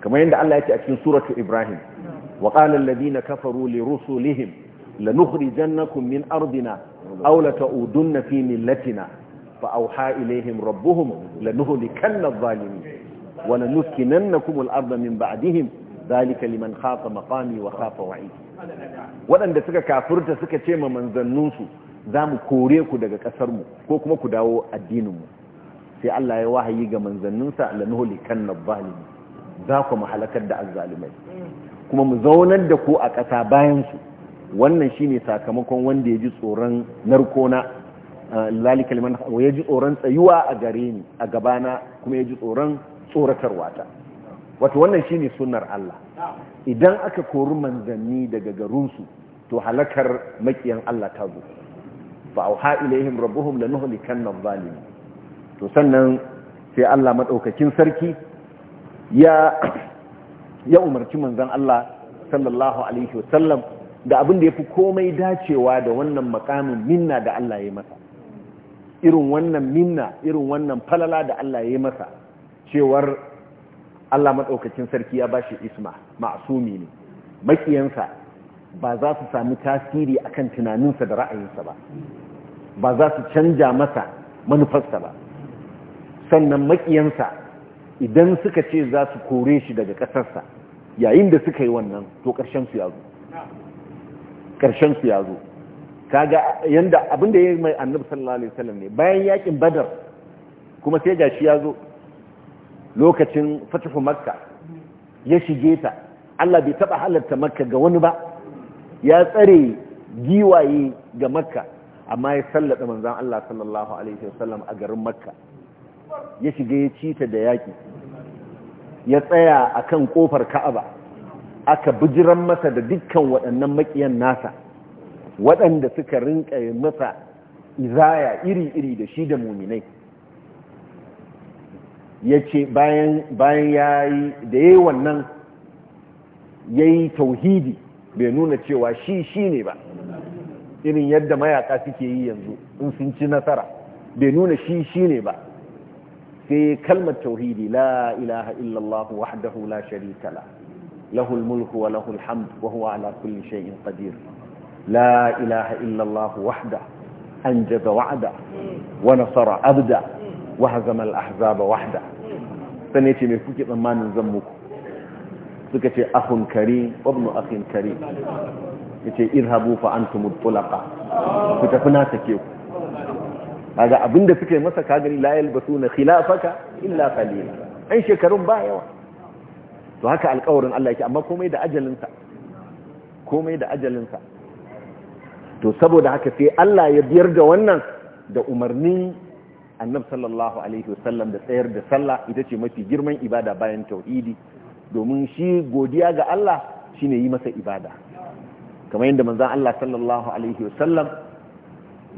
kamar yadda Allah yace a cikin suratu Ibrahim wa qala alladhina kafaru li rusulihim lanukhrijannakum min ardina aulata la ta'udunna fi millatina فأوحى إليهم ربهم لنهلكن الظالمين ولنسكننكم الأرض من بعدهم ذلك waɗanda suka kafurta suka ce ma manzanninsu za mu kore ku daga ƙasarmu ko kuma ku dawo addininmu sai Allah ya wahayi ga manzanninsa lanuhuli kan nabalimi za ku mahalakar da azzalimai kuma mu zaunar da ku a ƙasa bayansu wannan shine sakamakon wanda ya ji tsoron narkona lalika liman ya ji tsoron tsayuwa a gare ni a gabana kuma ya ji tsoron tsoratarwa ta wato wannan shine sunnar Allah idan aka kori manzanni daga garinsu to halakar makiyan Allah ta zo fa auha ilaihim rabbuhum lanuhlikanna adh to sannan sai Allah madaukakin sarki ya ya umarci manzon Allah sallallahu alaihi wasallam da abin da yafi komai dacewa da wannan makamin minna da Allah ya yi masa irin wannan minna irin wannan falala da Allah ya yi masa cewar Allah maɗaukacin sarki ya ba shi isma ma'asumi ne makiyansa ba za su sami tasiri akan tunaninsa da ra'ayinsa ba ba za su canja masa manufarsa ba sannan makiyansa idan suka ce za su kore shi daga ƙasarsa yayin da suka yi wannan to Karshen su ya zo kaga yanda abin da ya mai annabi sallallahu alaihi wasallam ne bayan yakin badar kuma sai gashi ya zo lokacin fatihu makka ya shige ta Allah bai taba halarta makka ga wani ba ya tsare giwaye ga makka amma ya sallada manzon Allah sallallahu alaihi wasallam a garin makka ya shige ya cita da yaki ya tsaya akan kofar ka'aba aka bijiran masa da dukkan waɗannan makiyan nasa waɗanda suka rinka masa izaya iri-iri da shi da muminai ya ce bayan ya yi da ya wannan ya yi tauhidi bai nuna cewa shi shi ne ba irin yadda mayaka suke yi yanzu in sun ci nasara bai nuna shi shi ne ba sai kalmar tauhidi la ilaha illallah wahdahu la sharika la lahul mulku wa lahul hamd wa huwa ala kulli shay'in qadir لا إله إلا الله وحده أنجز وعده ونصر عبده وهزم الأحزاب وحده سنيتي من فكي ضمان زمك سكتي أخ كريم وابن أخ كريم yace irhabu fa antum ku tafi na take ku kaga abinda suke masa kagari la yalbasuna khilafaka illa qalila an shekarun ba yawa to haka alƙawarin Allah yake amma komai da ajalin komai da to saboda haka sai Allah ya biyar da wannan da umarni annab sallallahu alaihi wasallam da tsayar da sallah ita ce mafi girman ibada bayan tauhidi domin shi godiya ga Allah shine yi masa ibada kamar yadda manzon Allah sallallahu alaihi wasallam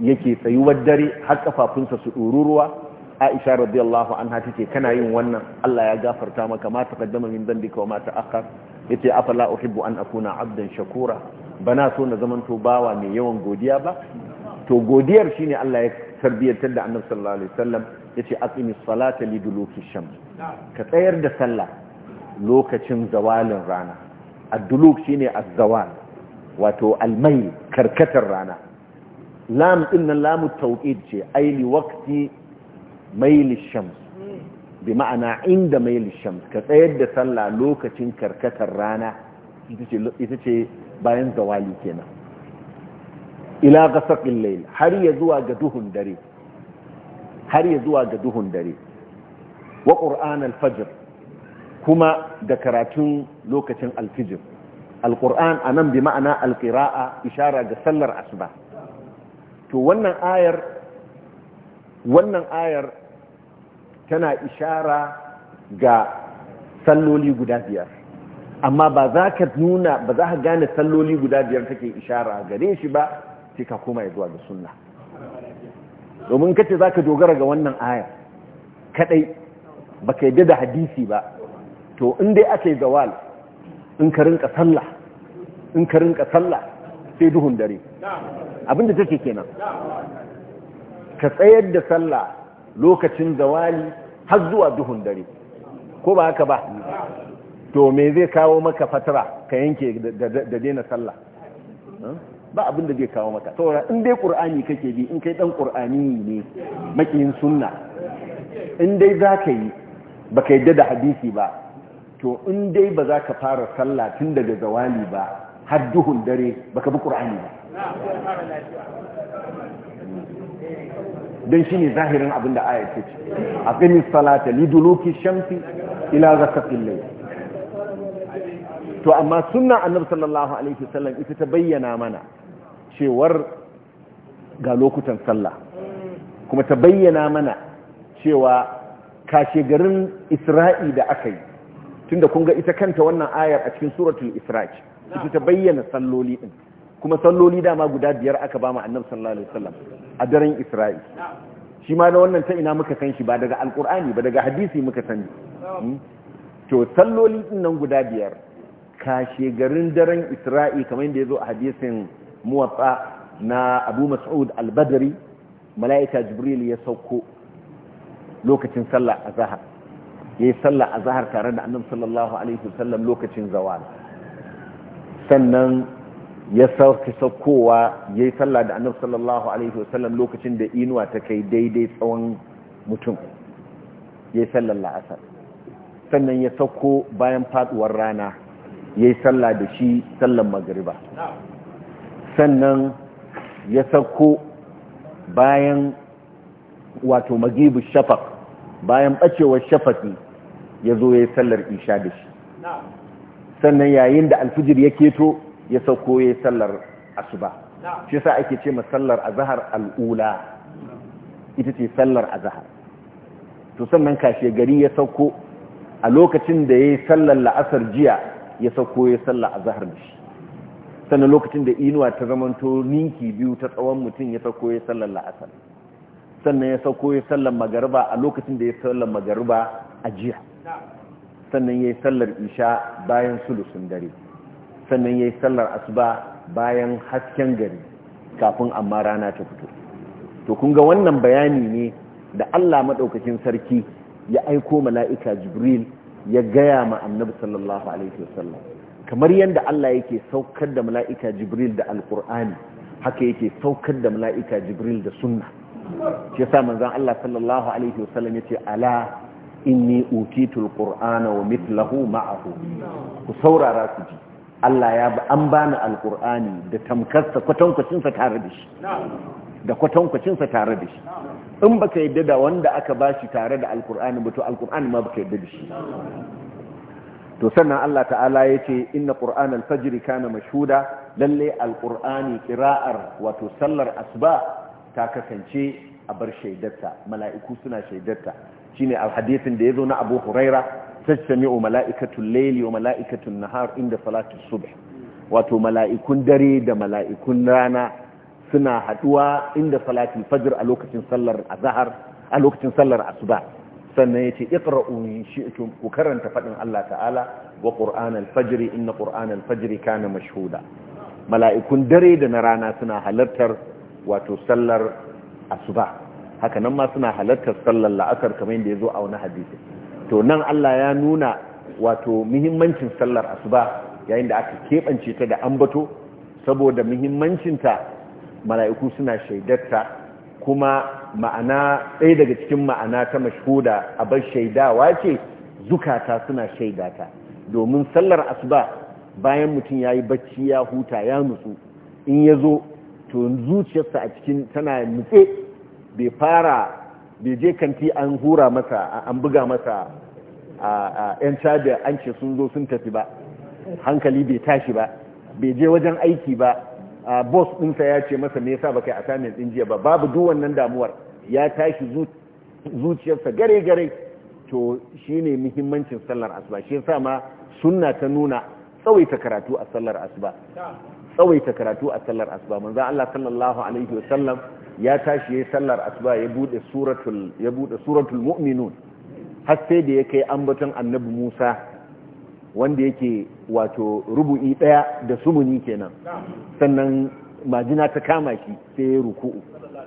yake tsayuwar dare har kafafunsa su dururuwa Aisha radiyallahu anha tace kana yin wannan Allah ya gafarta maka ma kaddama min dhanbika wa ma ta'akhkhar yace afala uhibbu an akuna abdan shakura ba na so na zamanto bawa mai yawan godiya ba to godiyar shine Allah ya tarbiyyantar da annabi sallallahu alaihi wasallam yace aqimi salata li duluki shams ka tsayar da sallah lokacin zawalin rana ad-duluk shine az-zawal wato al-mayl karkatar rana lam inna lamu tawqid ce ai li waqti mayl shams bi ma'ana inda mayl shams ka tsayar da sallah lokacin karkatar rana ita ce bayan zawali kenan ila ghasaqil layl har ya zuwa ga duhun dare har ya zuwa ga duhun dare wa qur'an al-fajr kuma da karatun lokacin al-fajr al-qur'an anan bi ma'ana al-qira'a ishara ga sallar asuba to wannan ayar wannan ayar tana ishara ga salloli guda biyar amma ba za ka nuna ba za ka gane salloli guda biyar take ishara a gare shi ba sai ka koma zuwa ga sunna domin kace za ka dogara ga wannan aya kadai ba ka yi da hadisi ba to in dai aka yi zawal in ka rinka sallah in ka rinka sallah sai duhun dare abinda take kenan ka tsayar da sallah lokacin zawali har zuwa duhun dare ko ba haka ba to me zai kawo maka fatara ka yanke da daina sallah ba abin da zai kawo maka saboda in dai qur'ani kake bi in kai dan qur'ani ne makiyin sunna in dai zaka yi baka yadda da hadisi ba to in dai ba za ka fara sallah tun daga zawali ba har duhun dare baka bi qur'ani ba dan shine zahirin abin da ayat ce a salata liduluki shamsi ila zakatil layl to amma sunna annabi sallallahu alaihi wasallam ita ta bayyana mana cewar ga lokutan sallah kuma ta bayyana mana cewa kashe garin isra'i da aka yi tunda kun ga ita kanta wannan ayar a cikin suratul isra'i ita ta bayyana salloli din kuma salloli dama guda biyar aka ba mu annabi sallallahu alaihi wasallam a daren isra'i shi ma da wannan ta ina muka san shi ba daga alkur'ani ba daga hadisi muka sani hmm? to salloli din nan guda biyar kashe garin daren isra'i kamar yadda ya zo a hadisin muwatsa na abu mas'ud al-badri mala'ika jibril ya sauko lokacin sallah azhar yi sallah azhar tare da annabi sallallahu alaihi wasallam lokacin zawal sannan ya sauke saukowa yi sallah da annabi sallallahu alaihi wasallam lokacin da inuwa ta kai daidai tsawon mutum ya yi sallar la'asar sannan ya sauko bayan faduwar rana ya yi sallah da shi sallan magariba sannan ya sauko bayan wato magibu shafak bayan ɓacewar shafaki ya zo ya yi sallar isha da shi sannan yayin da alfijir ya keto ya sauko ya yi sallar asuba shi sa ake ce masallar azahar al'ula ita ce sallar azahar to sannan kashe gari ya sauko a lokacin da ya yi sallar la'asar jiya ya sauko ya sallah a zahar da shi sannan lokacin da inuwa ta zamanto ninki biyu ta tsawon mutum ya sauko ya sallar la'asar sannan ya sauko ya sallar magariba a lokacin da ya sallar magariba a jiya sannan ya yi sallar isha bayan sulusun dare sannan ya yi sallar asuba bayan hasken gari kafin amma rana ta fito to kun ga wannan bayani ne da Allah maɗaukakin sarki ya aiko mala'ika jibril ya gaya ma annabi sallallahu alaihi wasallam kamar yadda Allah yake saukar da mala'ika jibril da alkur'ani haka yake saukar da mala'ika jibril da sunna shi yasa manzon Allah sallallahu alaihi wasallam yace ala inni utitul qur'ana wa mithluhu ma'ahu ku saurara ku ji Allah ya ba an bani alkur'ani da tamkarsa kwatankwacin sa tare da shi da kwatankwacinsa tare da shi in baka yadda da wanda aka bashi tare da alkur'ani ba to alkur'ani ma baka yadda da shi to sannan Allah ta'ala ya ce inna ƙur'an alfajiri fajr kana mashhuda lalle alkur'ani ƙira'ar wato sallar asuba ta kasance a bar shaidarta mala'iku suna shaidarta shine alhadisin da da zo na Abu Huraira tajtami'u mala'ikatul layli wa mala'ikatul nahar inda Salatu subh wato mala'ikun dare da mala'ikun rana suna haduwa inda salati fajr a lokacin sallar azhar a lokacin sallar asuba sannan yace iqra'u in shi'tum ku karanta fadin Allah ta'ala wa qur'an al-fajr inna qur'an al-fajr kana mashhuda mala'ikun dare da na rana suna halartar wato sallar asuba haka nan ma suna halartar sallar la'asar kamar yadda ya zo a wani hadisi to nan Allah ya nuna wato muhimmancin sallar asuba yayin da aka keɓance ta da ambato saboda muhimmancinta mala'iku suna shaidarta kuma ma'ana ɗaya daga cikin ma'ana ta a bar shaidawa ce zukata suna shaidata domin sallar asuba bayan mutum ya yi bacci ya huta ya nutsu in ya zo to zuciyarsa a cikin tana nutse bai fara bai je kanti an hura masa an buga masa a 'yan cajiyar an ce sun zo sun tafi ba hankali bai tashi ba bai je wajen aiki ba boss ɗinsa ya ce masa me yasa baka yi assignment ɗin jiya ba babu duk wannan damuwar ya tashi zuciyarsa gare gare to shine muhimmancin sallar asuba shi yasa ma sunna ta nuna tsawaita karatu a sallar asuba tsawaita karatu a sallar asuba manzo Allah sallallahu alaihi wa sallam ya tashi yayin sallar asuba ya bude suratul ya bude suratul mu'minun har sai da ya kai ambaton annabi Musa wanda yake wato rubu'i daya da sumuni kenan sannan majina ta kama shi sai ya ruku'u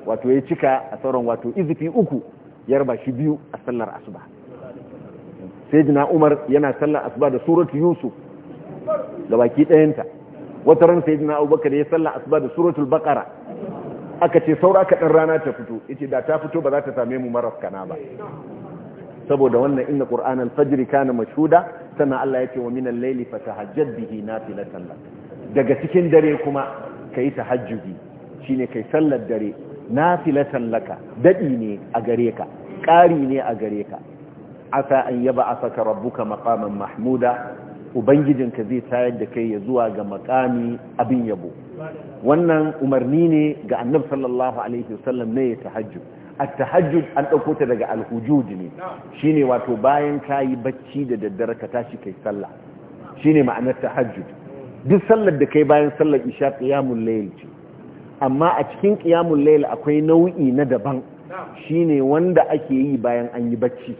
wato ya cika a sauran wato izifi uku ya raba shi biyu a sallar asuba sai jina umar yana sallar asuba da suratu yusuf da baki ɗayanta wata ran sai jina abubakar ya sallar asuba da suratul baqara aka ce saura kaɗan rana ta fito ita da ta fito ba za ta same mu maras kana ba saboda wannan inna qur'anal fajr kana mashhuda sannan Allah ya ce wa laili layli fatahajjad bihi nafilatan lak daga cikin dare kuma kai tahajjudi shine kai sallar dare nafilatan ka daɗi ne a gare ka ƙari ne a gare ka asa an yaba a asaka rabbuka maqaman mahmuda ubangijinka zai tayar da kai ya zuwa ga makami abin yabo wannan umarni ne ga annab sallallahu alaihi wasallam ne ya at-tahajjud an dauko ta daga al-hujud ne shine wato bayan kayi bacci da daddare ka tashi kai sallah shine ma'anar tahajjud duk sallar da kai bayan sallar isha qiyamul layl ce amma a cikin qiyamul layl akwai nau'i na daban shine wanda ake yi bayan an yi bacci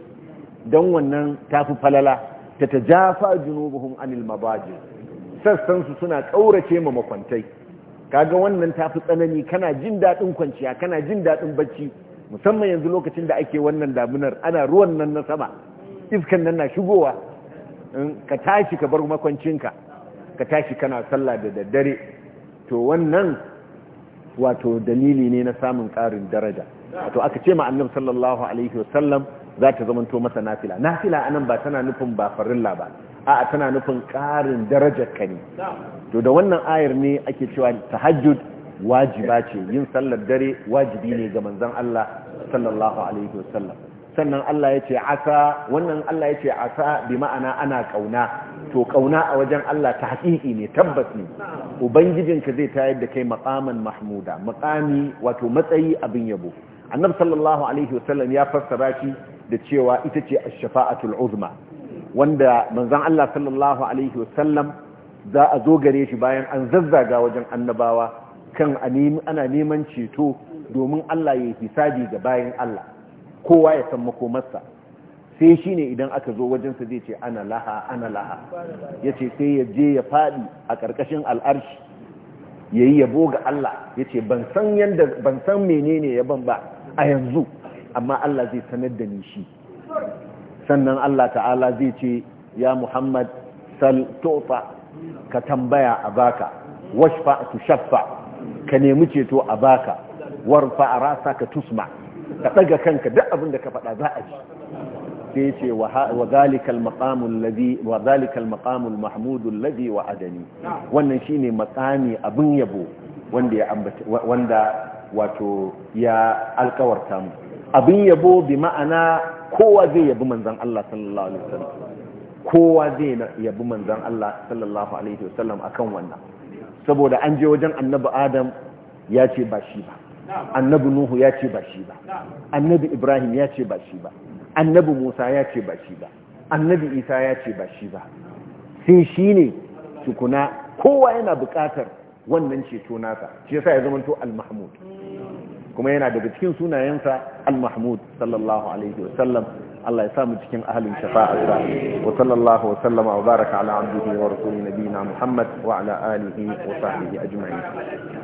don wannan tafi falala ta tajafa junubuhum anil mabajir sassan su suna kaurace ma makwantai kaga wannan tafi tsanani kana jin daɗin kwanciya kana jin daɗin bacci musamman yanzu lokacin da ake wannan damunar ana ruwan nan na sama iskan nan na shigowa ka tashi ka bar makwancinka ka tashi kana sallah da daddare to wannan wato dalili ne na samun karin daraja wato aka ce ma annabi sallallahu alaihi wasallam za ta zamanto masa nafila nafila anan ba tana nufin ba farilla ba a'a tana nufin karin darajar ka ne to da wannan ayar ne ake cewa tahajjud wajiba ce yin sallar dare wajibi ne ga manzon Allah sallallahu alaihi wasallam sannan Allah ya ce asa wannan Allah ya ce asa bi ma'ana ana kauna to kauna a wajen Allah ta haƙiƙi ne tabbas ne ubangijinka zai tayar da kai maqaman mahmuda maqami wato matsayi abin yabo annabi sallallahu alaihi wasallam ya fassara shi da cewa ita ce ash-shafa'atul uzma wanda manzon Allah sallallahu alaihi wasallam za a zo gare shi bayan an zazzaga wajen annabawa kan ana neman ceto domin Allah ya hisabi ga bayan Allah kowa ya san makomarsa sai shi ne idan aka zo wajensa zai ce ana laha ana laha ya ce sai ya je ya faɗi a ƙarƙashin al'arshi ya yi yabo ga Allah ya ce ban san menene ban ba a yanzu amma Allah zai sanar da ni shi sannan Allah ta'ala zai ce ya Muhammad sal tofa ka tambaya a baka washfa tu shaffa ka nemi ceto a baka warfa a rasa ka tusma ka daga kanka duk abin da ka faɗa za a ji sai ce wa zalikal maqamul ladhi wa zalikal maqamul mahmudul ladhi wa adani wannan shine maqami abin yabo wanda ya ambata wanda wato ya alkawarta mu abin yabo bi ma'ana kowa zai yabi manzon Allah sallallahu alaihi wasallam kowa zai yabi manzon Allah sallallahu alaihi wasallam akan wannan saboda an je wajen annabi adam ya ce ba shi ba annabi nuhu ya ce ba shi ba annabi ibrahim ya ce ba shi ba annabi musa ya ce ba shi ba annabi isa ya ce ba shi ba sun shi ne tukuna kowa yana bukatar wannan ceto nasa shi yasa ya zamanto al-mahmud kuma yana daga cikin sunayensa al-mahmud sallallahu alaihi wasallam الله يسامو جكين أهل شفاعة وصلى الله وسلم وبارك على عبده ورسول نبينا محمد وعلى آله وصحبه أجمعين